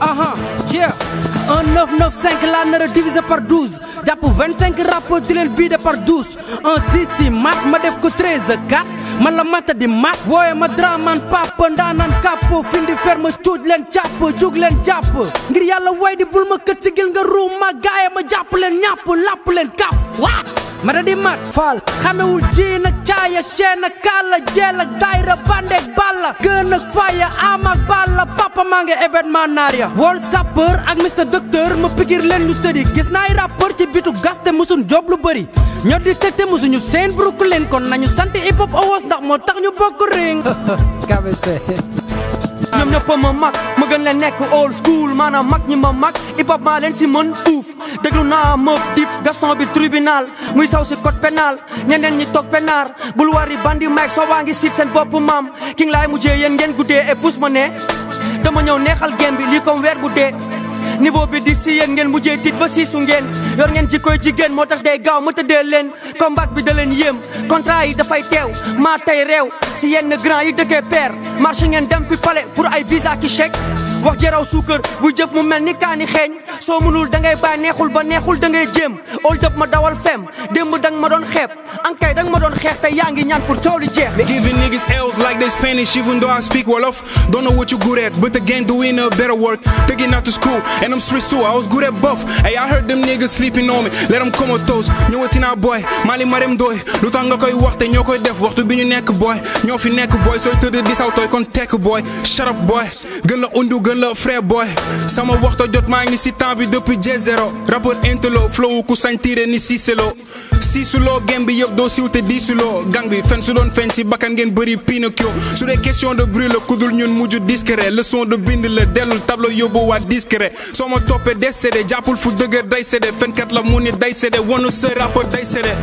aha yeah un 995 laa nar a diviser par 12 jàpp 25 rappeurs di leen vider par 12 un 6 si mat ma def ko 13 4 man la mata di mat wooye ma draman papa ndaanan kàpp findi ferme cuuj leen jàpp jug leen jàpp ngir yàlla woy di bul ma kët sigil nga ruum ma gaaye ma jàpp leen ñàpp làpp leen kàpp waa mata di mat faal xamewul ji nag caaya cheen ak kaala jeel ak daayra ban ya gën ak faya am ak bal la papa maa ngi événement naar ya wol sapeur ak mister docteur ma pikir leen ñu tëddi gis naay rappeur ci bitu gaste musun job lu bëri ñoo di teg seen musuñu seen Brooklyn kon nañu sant hip hop awoos ndax moo tax ñu bokk ring ñoom ñëpp ma mag ma gën leen nekk old school maanaam mag ñi ma mag hip hop maa leen si mën fuuf déglu naa Mobb Deep Gaston bi tribunal muy saw si code pénal ñeneen ñi toog penaar bul wari bandi mike soo waa ngi siit seen bopp maam ki laay mu yéen ngeen guddee et pousse ma ne dama ñëw neexal game bi lii comme weer bu de niveau bi di si yéen ngeen mujjee tiit ba su ngeen yor ngeen jikkooy jigéen moo day gaaw ma teddel len combat bi da len yem contrat yi fay tew ma tay rew si yenn grand yi deke père marché ngeen dem fi palais pour ay visa ki chèque wax raw suukar bu jëf mu melni kani kaani so soo mënul da ngay bàyyi neexul ba neexul da ngay jëm ol dëpp ma dawal fem démb dang ma doon xeeb ankay dang ma don xeex te yaangi ñaan pour tawli jeex They giving niggas L's like they Spanish even though I speak Wolof Don't know what you good at but again doing a better work taking out to school i I was good at both. Hey, I heard them niggas sleeping on me. Let them come those. ñëw ti naa boy maa li ma dem dooy lu tax nga koy waxte ñoo koy def to be ñu neck boy ñoo fi neck boy sooy tëdd di saw tooy kon tekk boy shut up boy gën la undu gën la frère boy sama to jot maa ngi si temps bi depuis J0 rapport entelo. flow ku sañ tiire ni Cicelo siisuloo gem bi yëpp doo siw te diisuloo gang bi fen su doon fen si bakkan ngeen bëri pinocchio su dee question de bruit la kudul ñun mujj discret leçon de bind la dellul tableau yóbbu waa discret soo ma toppee des sédé jàppul fu dëgër day sede fenkat la mu nit day sédé wanu sa rapport day sédé